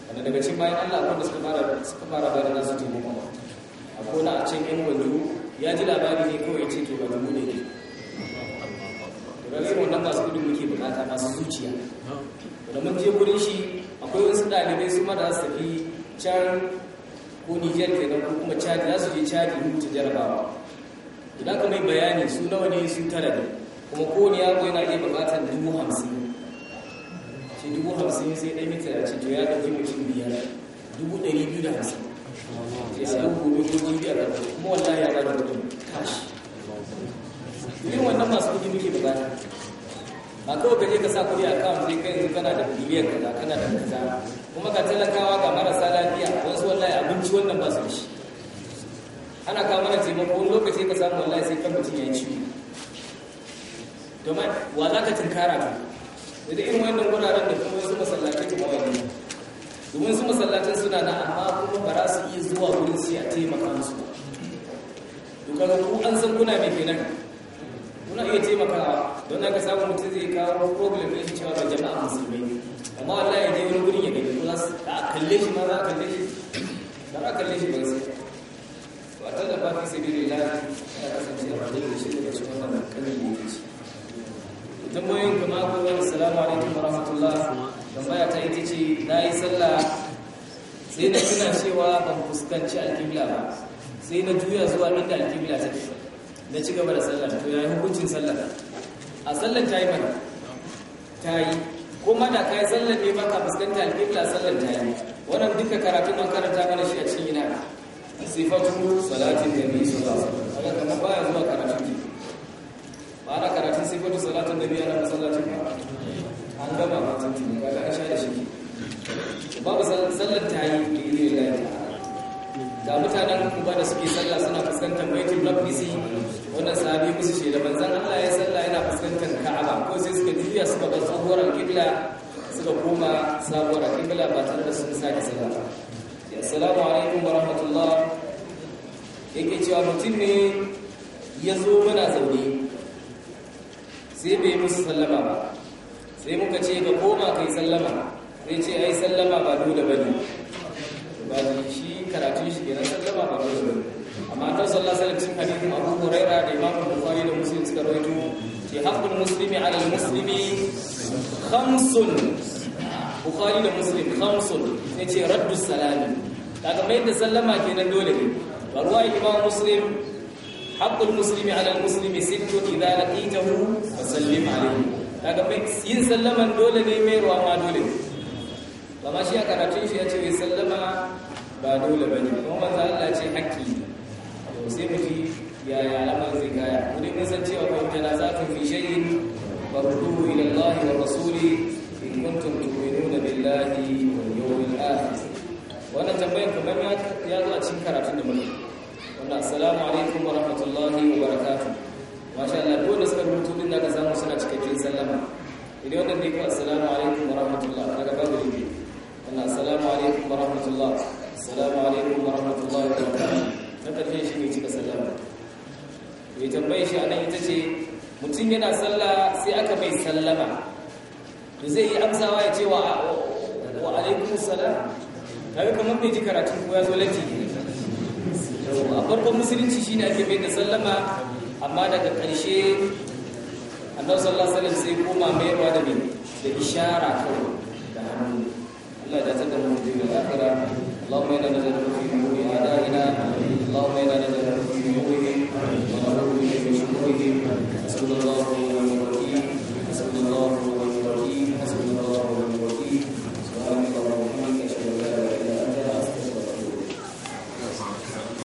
[SPEAKER 1] amma daga cikin bayan Allah akwai suka fara suka fara ba da nasu taimako Akwai kona a cikin yan wanzu ya ji labari ne kawai ce to ba mu ne ne da wannan masu gudun muke bukata masu zuciya da mun je gurin shi akwai wasu ɗalibai su ma da su tafi can ko nijiyar ke ko kuma cadi za su je chad ta jarabawa idan ka mai bayani su nawa ne su tara ne kuma ko kowane yaro yana iya buƙatar dubu hamsin ce dubu hamsin sai ɗaya mita a cikin ya ɗauki mutum biyar dubu ɗari biyu da hamsin ya samu gobe ko jibi a ƙarfi kuma wallahi ya ba da mutum kashi irin wannan masu kuɗi muke buƙata ba kawai gaje ka sa kuɗi a kawun sai kai yanzu kana da miliyan kaza kana da kaza kuma ka talakawa ga marasa lafiya wasu wallahi abinci wannan ba su shi ana kawo mana taimako wani lokaci ka samu wallahi sai kan mutum ya yi ciwo domin wa za ka tunkara ka da irin wannan wuraren da kuma wasu masallatai kuma wani domin su masallacin suna na amma kuma ba za su iya zuwa wurin su ya taimaka musu to kaga ku an san kuna mai kenan kuna iya taimakawa don haka samun mutum zai kawo problem ne cewa ba jama'a musulmi amma wallahi ya je wani gurin ya gani ko za a kalle shi ma za a kalle shi ba za a kalle shi ba sai to a da fi sai bi da ya kasance a rajin da shi daga cikin wannan kanin lokaci tambayoyin kuma ko wani salamu alaikum wa rahmatullah tambaya ta yi ta ce na yi sallah sai na tuna cewa ban fuskanci alkibla ba sai na juya zuwa inda alkibla ta ke na ci gaba da sallah to ya yi hukuncin sallah a tsallar ta yi mana ta yi kuma da ka yi tsallar ne ba ka fuskanta alƙibla tsallar ta yi wannan duka karatun don karanta mana shi a cikin ina sifatun salatin da biyu sun alaihi wasallam kuma ba ya zuwa karatun ki ba ana karatun sifatun salatin da biyu ana masallacin ba an gama ba tuntuni ba ka sha da shi babu tsallar ta yi da ilahi da mutanen kuma da suke tsalla suna fuskantar baitul maqdisi sunan sahabi musu shi da manzon Allah ya sallah yana fuskantar Ka'aba ko sai suka jiya suka ga tsohuwar kibla suka koma sabuwar kibla ba tare da sun sake sallah ba assalamu alaikum wa rahmatullah yake cewa mutum ne ya zo mana zaune sai bai musu sallama ba sai muka ce ka koma kai sallama sai ce ai sallama ba dole bane ba shi karatun shi kenan sallama ba dole bane manzon Sallah alaihi wasallam hadisin Abu Huraira da Imam Bukhari da Muslim suka rawaito ce haqqul muslimi 'ala al-muslimi khamsun Bukhari da Muslim khamsun yace raddu salami kaga mai da sallama kenan dole ne barwa Imam Muslim haqqul muslimi 'ala al-muslimi sittu idza laqitahu fa sallim alayhi kaga mai yin sallaman dole ne mai ruwa ma dole ne ba ma shi a karatun shi ya ce sallama ba dole ba ne kuma manzo Allah ce haƙƙi sai mu ji yaya al'amarin zai kaya kudin mun san cewa kuma kana za ka fi shayin farduhu ila Allah wa rasuli in kuntum tu'minuna billahi wal yawmil akhir wannan tambayar kamar ya zo a cikin karatun da muke wannan assalamu alaikum wa rahmatullahi wa barakatuh masha Allah dole suka rubutu din da ka samu suna cikakken sallama idan wannan ne ko assalamu alaikum wa rahmatullah daga babu ne wannan assalamu alaikum wa rahmatullah assalamu alaikum wa rahmatullahi wa barakatuh na ƙarshen shi ne cika sallah mai tambayi shi anan ita ce mutum yana sallah sai aka mai sallama da zai yi amsawa ya ce wa wa alaikum salam kamar bai ji karatu ko ya zo lati a farkon musulunci shi ne ake bai da sallama amma daga ƙarshe a nan sallah sai koma mayarwa da me da ishara kawai da hannu Allah ya da akhira Allahumma اللهم إنا نجعلك في عيونهم ونعوذ بك من شرورهم صلى الله